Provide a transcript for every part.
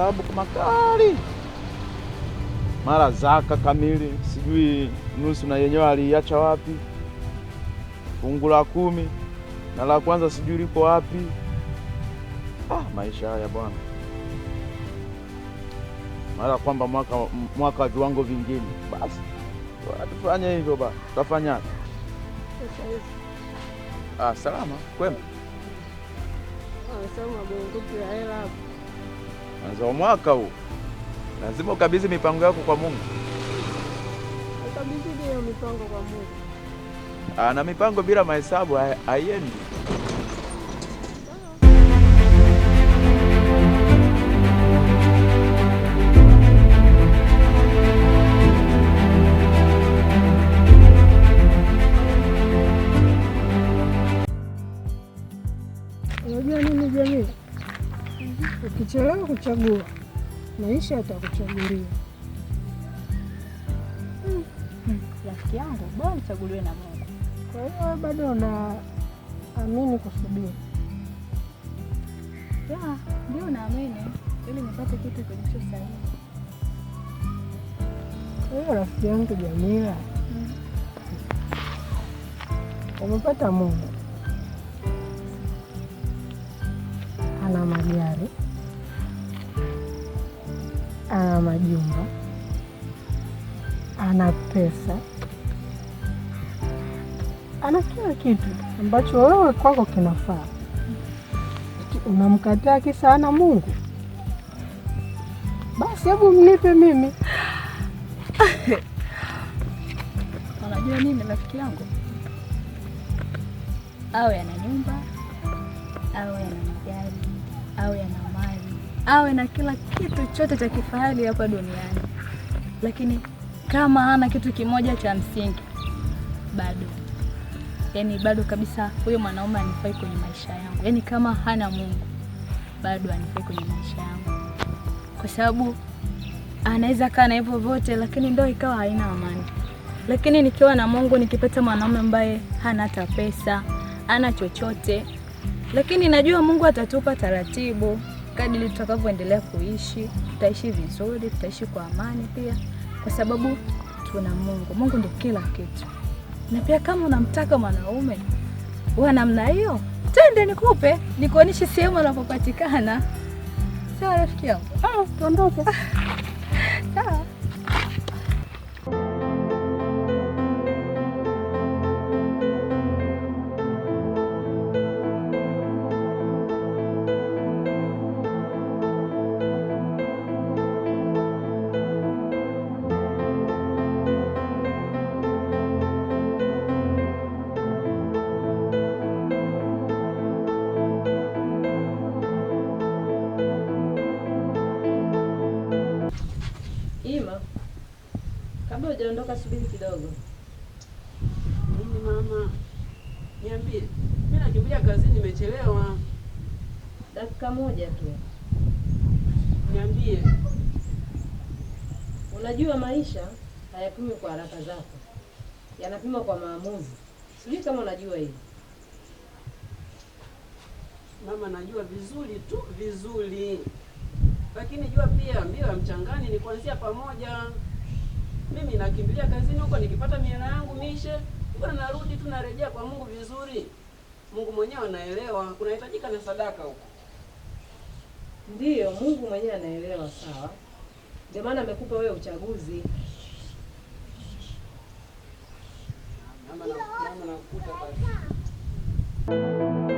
sababu kumakali mara zaka kamili, sijui nusu na yenyewe aliacha wapi, fungu la kumi na la kwanza sijui liko wapi. Ah, maisha haya bwana, mara kwamba mwaka mwaka wa viwango vingine, basi atufanye hivyo ba, tutafanya ah, salama kwema ah, mwanzo wa mwaka huu lazima ukabidhi mipango yako kwa Mungu. Ukabidhi hiyo mipango kwa Mungu. Ah, na mipango bila mahesabu haiendi. Ukichelewa kuchagua maisha yatakuchagulia. Rafiki yangu, bora uchaguliwe na Mungu. Kwa hiyo bado unaamini kusubiri? Ya, ndio naamini ili nipate kitu kilicho sahihi. Kwa hiyo rafiki yangu Jamila, mm. umepata Mungu ana magari, ana majumba, ana pesa, ana kila kitu ambacho wewe kwako kinafaa. Unamkataa kisa ana Mungu? Basi hebu mnipe mimi. Unajua nini rafiki yangu, awe ana nyumba awe ana magari awe ana mali, awe na kila kitu chote cha kifahari hapa duniani, lakini kama hana kitu kimoja cha msingi, bado yani bado kabisa, huyo mwanaume anifai kwenye maisha yangu. yani kama hana Mungu, bado anifai kwenye maisha yangu, kwa sababu anaweza kaa na hivyo vyote, lakini ndio ikawa haina amani. Lakini nikiwa na Mungu, nikipata mwanaume ambaye hana hata pesa, hana chochote lakini najua Mungu atatupa taratibu. kadri tutakavyoendelea kuishi, tutaishi vizuri, tutaishi kwa amani pia, kwa sababu tuna Mungu. Mungu ndio kila kitu, na pia kama unamtaka mwanaume wa namna hiyo, twende nikupe, nikuonyeshe sehemu anapopatikana. Sawa rafiki yangu, ah, tuondoke. Sawa. kasubiri kidogo. Mimi mama, niambie. Mimi nakimbia kazini, nimechelewa dakika moja tu. Niambie. Unajua maisha hayapimwi kwa haraka zako, yanapimwa kwa maamuzi. Sijui kama unajua hili mama. Najua vizuri tu, vizuri, lakini jua pia mbio ya mchangani ni kuanzia pamoja mimi nakimbilia kazini huko, nikipata miela yangu mishe huko, narudi tu narejea kwa Mungu vizuri. Mungu mwenyewe anaelewa kunahitajika na sadaka huko. Ndiyo, Mungu mwenyewe anaelewa, sawa. Ndio maana amekupa wewe uchaguzi. Mama, mama, mama,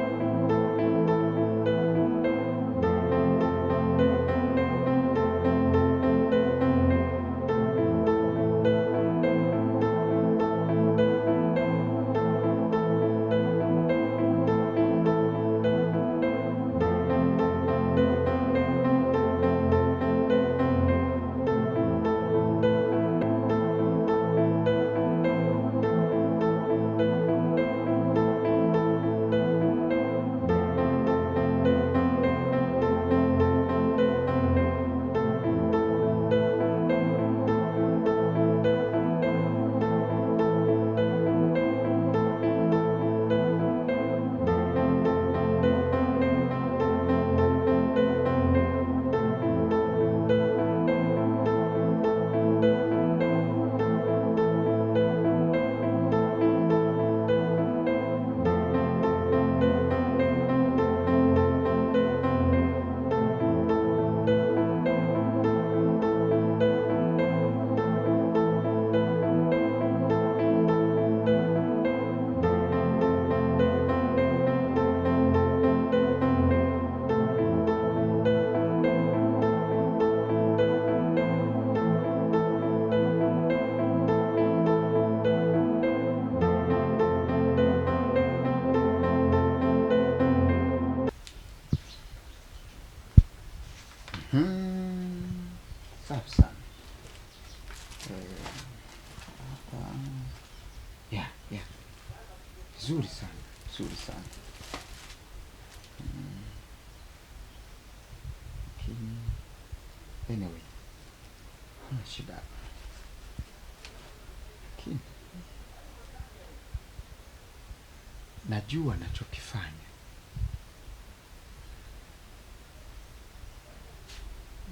najua nachokifanya.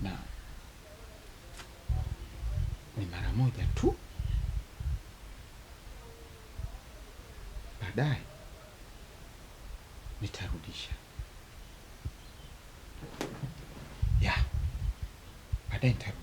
Na ni mara moja tu, baadaye nitarudisha ya baadaye nitarudisha.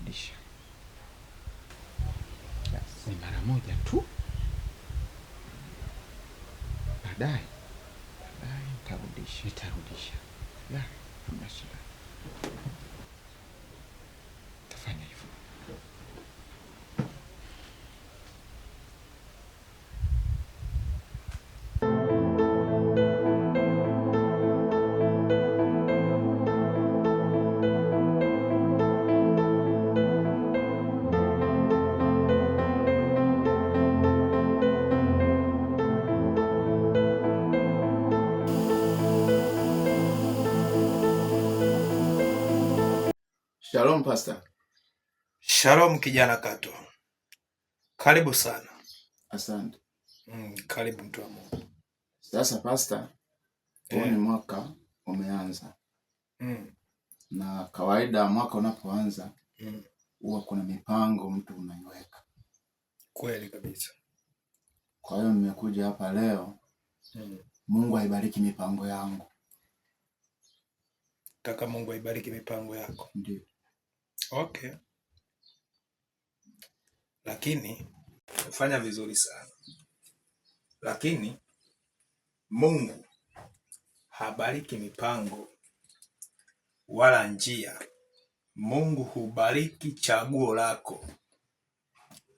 Shalom Pastor. Shalom kijana Kato, karibu sana. Asante. Mm, karibu mtu wa Mungu. Sasa Pastor, huu yeah, ni eh. mwaka umeanza mm, na kawaida mwaka unapoanza mm. huwa mm, kuna mipango mtu unaiweka. Kweli kabisa. Kwa hiyo nimekuja hapa leo mm, Mungu aibariki mipango yangu. Taka Mungu aibariki mipango yako. Ndiyo. Okay, lakini umefanya vizuri sana, lakini Mungu habariki mipango wala njia. Mungu hubariki chaguo lako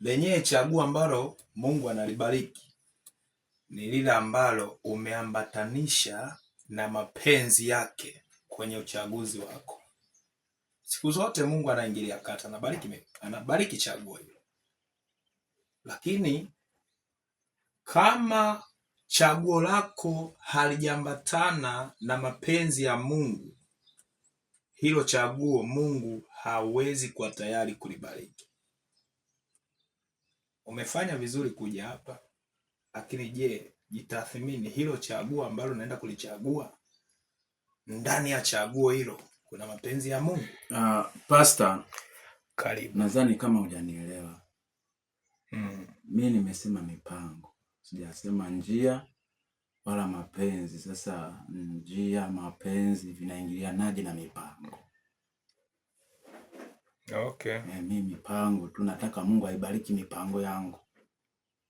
lenyewe. Chaguo ambalo Mungu analibariki ni lile ambalo umeambatanisha na mapenzi yake kwenye uchaguzi wako. Siku zote Mungu anaingilia kati, anabariki, anabariki chaguo hilo, lakini kama chaguo lako halijaambatana na mapenzi ya Mungu, hilo chaguo Mungu hawezi kuwa tayari kulibariki. Umefanya vizuri kuja hapa, lakini je, jitathmini hilo chaguo ambalo unaenda kulichagua, ndani ya chaguo hilo kuna mapenzi ya Mungu. Uh, ah, pasta, karibu. Nadhani kama hujanielewa mm. Mi nimesema mipango, sijasema njia wala mapenzi. Sasa njia, mapenzi vinaingilianaje na mipango? Okay. E, mi mipango tu nataka Mungu aibariki mipango yangu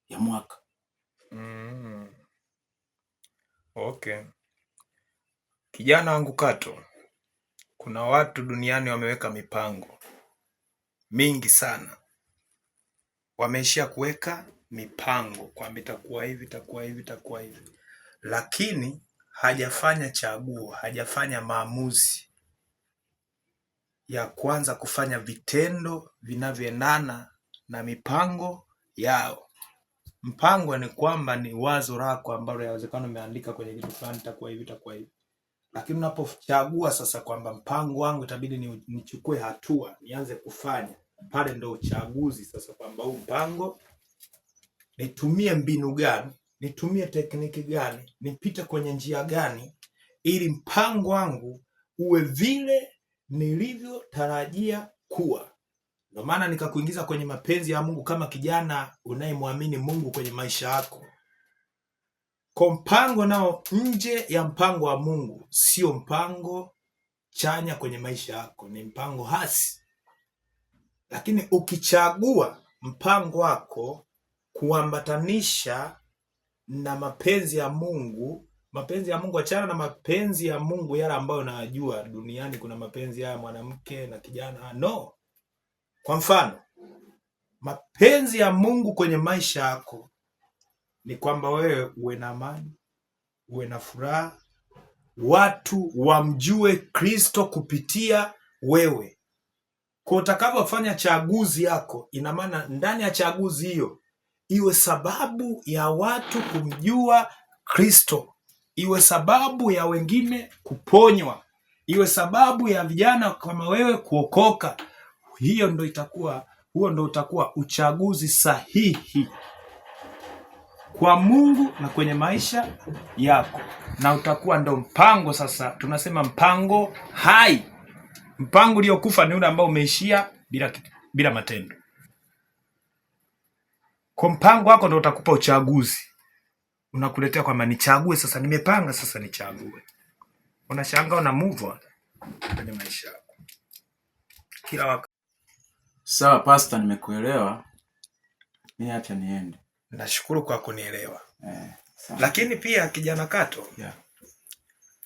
ya mwaka mm. Okay. Kijana wangu Kato kuna watu duniani wameweka mipango mingi sana, wameishia kuweka mipango kwamba itakuwa hivi, itakuwa hivi, itakuwa hivi, lakini hajafanya chaguo, hajafanya maamuzi ya kuanza kufanya vitendo vinavyoendana na mipango yao. Mpango ni kwamba ni wazo lako ambalo yawezekano umeandika kwenye kitu fulani, itakuwa hivi, itakuwa hivi lakini unapochagua sasa kwamba mpango wangu itabidi nichukue hatua, nianze kufanya, pale ndo uchaguzi sasa, kwamba huu mpango nitumie mbinu gani, nitumie tekniki gani, nipite kwenye njia gani, ili mpango wangu uwe vile nilivyotarajia kuwa. Ndio maana nikakuingiza kwenye mapenzi ya Mungu kama kijana unayemwamini Mungu kwenye maisha yako. Kwa mpango nao nje ya mpango wa Mungu, sio mpango chanya kwenye maisha yako, ni mpango hasi. Lakini ukichagua mpango wako kuambatanisha na mapenzi ya Mungu, mapenzi ya Mungu, achana na mapenzi ya Mungu yale ambayo unajua duniani kuna mapenzi ya mwanamke na kijana, no. Kwa mfano, mapenzi ya Mungu kwenye maisha yako ni kwamba wewe uwe na amani, uwe na furaha, watu wamjue Kristo kupitia wewe. Kwa utakavyofanya chaguzi yako, ina maana ndani ya chaguzi hiyo iwe sababu ya watu kumjua Kristo, iwe sababu ya wengine kuponywa, iwe sababu ya vijana kama wewe kuokoka. Hiyo ndo itakuwa, huo ndo utakuwa uchaguzi sahihi kwa Mungu na kwenye maisha yako, na utakuwa ndo mpango sasa. Tunasema mpango hai. Mpango uliokufa ni ule ambao umeishia bila, bila matendo. Kwa mpango wako ndo utakupa uchaguzi, unakuletea kwamba nichague sasa, nimepanga sasa nichague. Unashangaa una move on kwenye maisha yako kila wakati. Sawa pasta, nimekuelewa. Mimi acha niende. Nashukuru kwa kunielewa eh, lakini pia kijana Kato yeah.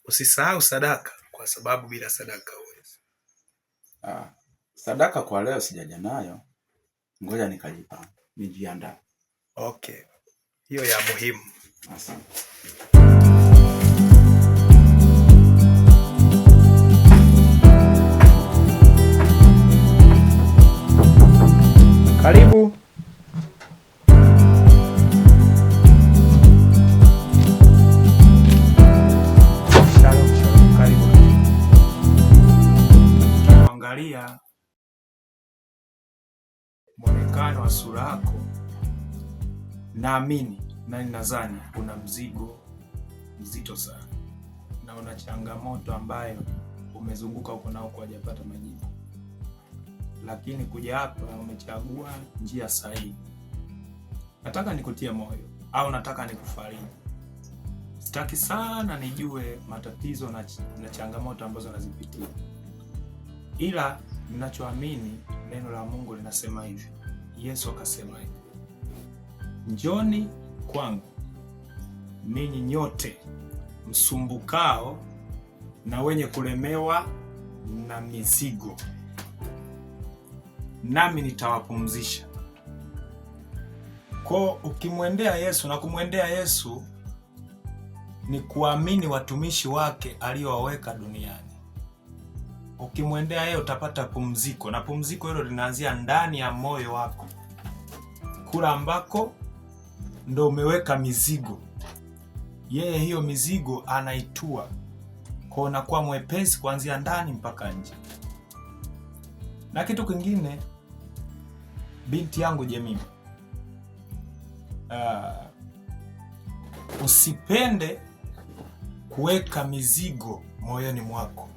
Usisahau sadaka kwa sababu bila sadaka huwezi. Ah, sadaka kwa leo sijaja nayo, ngoja nikajipanga nijiandaa. Okay, hiyo ya muhimu. Asante. naamini na ninadhani una mzigo mzito sana na una changamoto ambayo umezunguka huko na huko hajapata majibu, lakini kuja hapa umechagua njia sahihi. Nataka nikutie moyo au nataka nikufariji. Sitaki sana nijue matatizo na, ch na changamoto ambazo nazipitia, ila ninachoamini neno la Mungu linasema hivi. Yesu akasema hivi njoni kwangu ninyi nyote msumbukao na wenye kulemewa na mizigo, nami nitawapumzisha. ko ukimwendea Yesu na kumwendea Yesu ni kuamini watumishi wake aliyowaweka duniani. Ukimwendea yeye utapata pumziko, na pumziko hilo linaanzia ndani ya moyo wako kula ambako ndo umeweka mizigo, yeye hiyo mizigo anaitua kwa, unakuwa mwepesi kuanzia ndani mpaka nje. Na kitu kingine, binti yangu Jemima, uh, usipende kuweka mizigo moyoni mwako,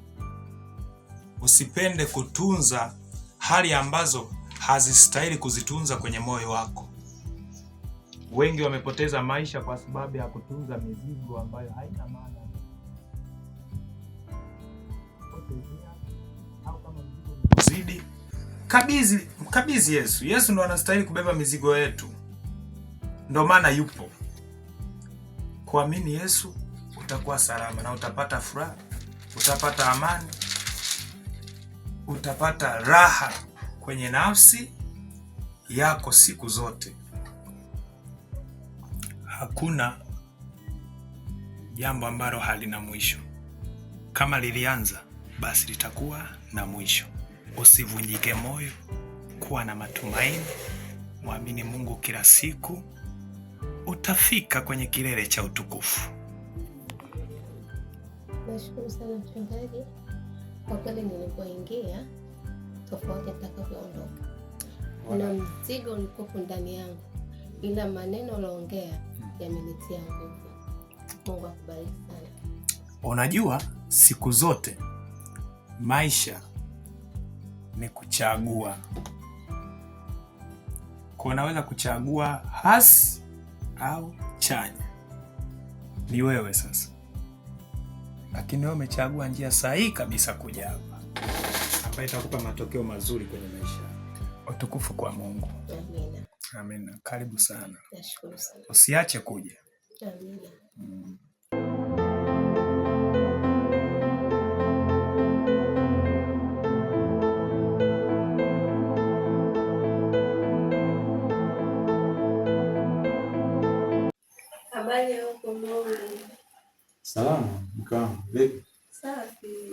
usipende kutunza hali ambazo hazistahili kuzitunza kwenye moyo wako wengi wamepoteza maisha kwa sababu ya kutunza mizigo ambayo haina maana zidi kabizi, kabidhi Yesu. Yesu ndo anastahili kubeba mizigo yetu, ndo maana yupo. Kuamini Yesu utakuwa salama na utapata furaha, utapata amani, utapata raha kwenye nafsi yako siku zote. Hakuna jambo ambalo halina mwisho. Kama lilianza, basi litakuwa na mwisho. Usivunjike moyo, kuwa na matumaini, mwamini Mungu kila siku, utafika kwenye kilele cha utukufu. Nashukuru sana mchungaji, kwa kweli nilipoingia tofauti atakavyoondoka, na mzigo ulikuwa ndani yangu, ila maneno uloongea nguvu. Mungu akubariki sana. Unajua, siku zote maisha ni kuchagua, kwa unaweza kuchagua hasi au chanya. Ni wewe sasa, lakini wewe umechagua njia sahihi kabisa kuja hapa, ambayo itakupa matokeo mazuri kwenye maisha. Utukufu kwa Mungu. Amina. Karibu sana. Nashukuru sana. Usiache kuja. Amina. Mm. Habari yako ndugu. Salama, mkao. Vipi? Safi.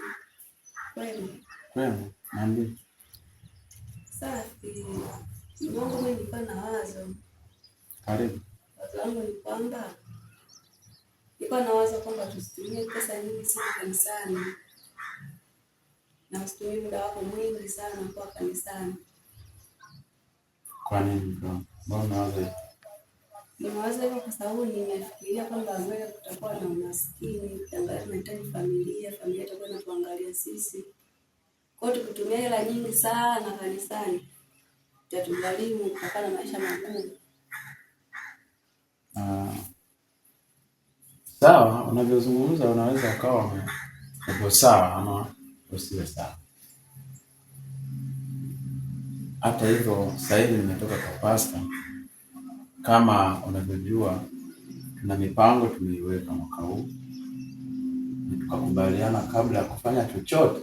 Kwema. Kwema. Niambie. Safi. Mungu, mimi nilikuwa na wazo. Karibu. Wazo langu ni kwamba nilikuwa na wazo kwamba tusitumie pesa nyingi sana kanisani na usitumie muda wako mwingi sana kwa kanisani. Kwa nini? Mbona wazo nimewaza hivyo kwa sababu nimefikiria kwamba mbele kutakuwa na umaskini, ukiangalia tunahitaji familia, familia itakuwa inatuangalia sisi. Kwa hiyo tukitumia hela nyingi sana kanisani na maisha magumu. Ah. Sawa, unavyozungumza unaweza ukawa uko sawa ama usiwe sawa. Hata hivyo, sasa hivi nimetoka kwa pasta. Kama unavyojua, tuna mipango tumeiweka mwaka huu, tukakubaliana kabla ya kufanya chochote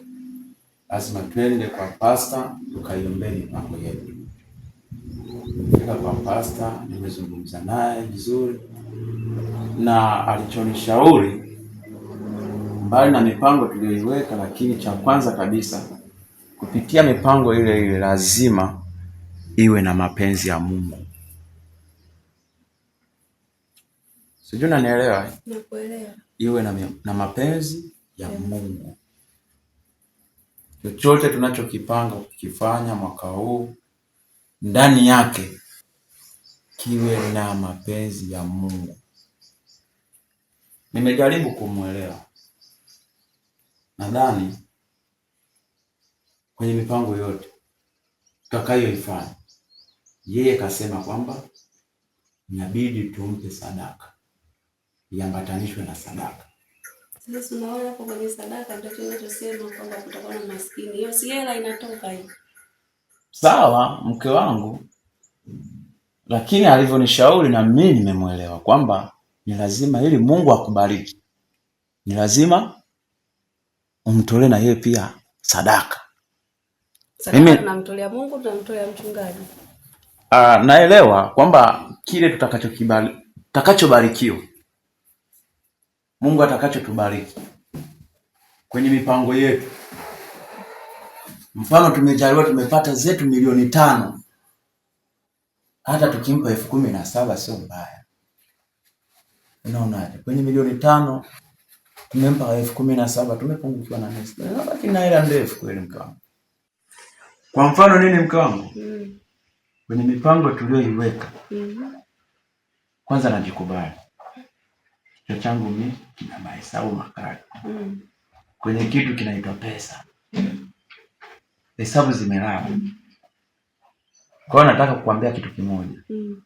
lazima twende kwa pasta tukaiombee mipango yetu. Nimefika kwa pasta, nimezungumza naye vizuri, na alichonishauri mbali na mipango tuliyoiweka, lakini cha kwanza kabisa kupitia mipango ile ile lazima iwe na mapenzi ya Mungu. Sijui unanielewa? Nakuelewa. Iwe na, na mapenzi ya yeah, Mungu. Chochote tunachokipanga kukifanya mwaka huu ndani yake kiwe na mapenzi ya Mungu. Nimejaribu kumwelewa, nadhani kwenye mipango yote tutakayoifanya, yeye kasema kwamba inabidi tumpe sadaka iambatanishwe na sadaka. Sasa tunaona hapo kwenye sadaka ndio tunachosema kwamba kutakuwa na maskini, hiyo si hela inatoka hiyo sawa mke wangu, lakini alivyonishauri na mimi nimemwelewa kwamba ni lazima, ili Mungu akubariki, ni lazima umtolee na yeye pia sadaka. Mimi Mungu, tunamtolea mchungaji. Uh, naelewa kwamba kile tutakachobarikiwa Mungu atakachotubariki kwenye mipango yetu Mfano, tumejaliwa tumepata zetu milioni tano, hata tukimpa elfu kumi na saba sio mbaya. Unaonaje? Kwenye milioni tano tumempa elfu kumi na saba tumepungukiwa na nusu, tunabaki na hela ndefu kweli, mke wangu. Kwa mfano nini, mke wangu, mm. kwenye mipango tuliyoiweka mm. Kwanza najikubali kichwa changu mimi kina mahesabu makali mm. kwenye kitu kinaitwa pesa mm hesabu zimeraba. Kwa hiyo nataka kukuambia kitu kimoja. Mm.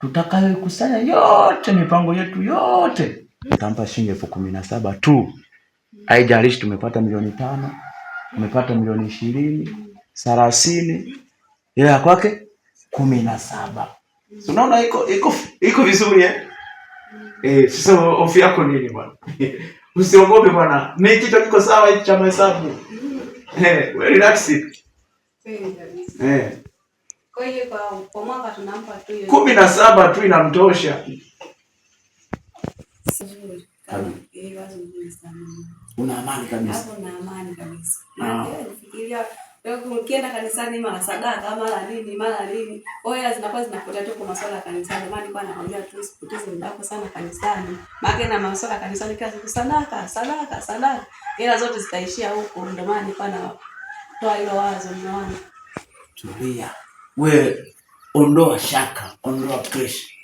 Tutakayokusanya yote mipango yetu yote tutampa shilingi elfu kumi na saba tu. Haijalishi tumepata milioni tano, tumepata milioni ishirini, thelathini, ila ya kwake kumi na saba. Unaona iko iko iko vizuri eh? Eh, sasa hofu yako nini bwana? Usiogope bwana. Mimi kichwa kiko sawa hichi cha mahesabu. Eh, we relax. Eh. Kwa hiyo kwa mwaka tunampa tu hiyo. Kumi na saba tu inamtosha. Una amani kabisa. Hapo na amani kabisa. Ah. Ukienda kanisani mara sadaka mara nini mara nini, oya zinakuwa zinapotea tu kwa masuala ya kanisani. Ndio maana nilikuwa nakwambia tu usipoteze muda wako sana kanisani, maana na masuala ya kanisani kila siku sadaka sadaka sadaka, ila zote zitaishia huko. Ndio maana nilikuwa natoa hilo wazo. Mnaona, tulia wewe, ondoa shaka, ondoa pressure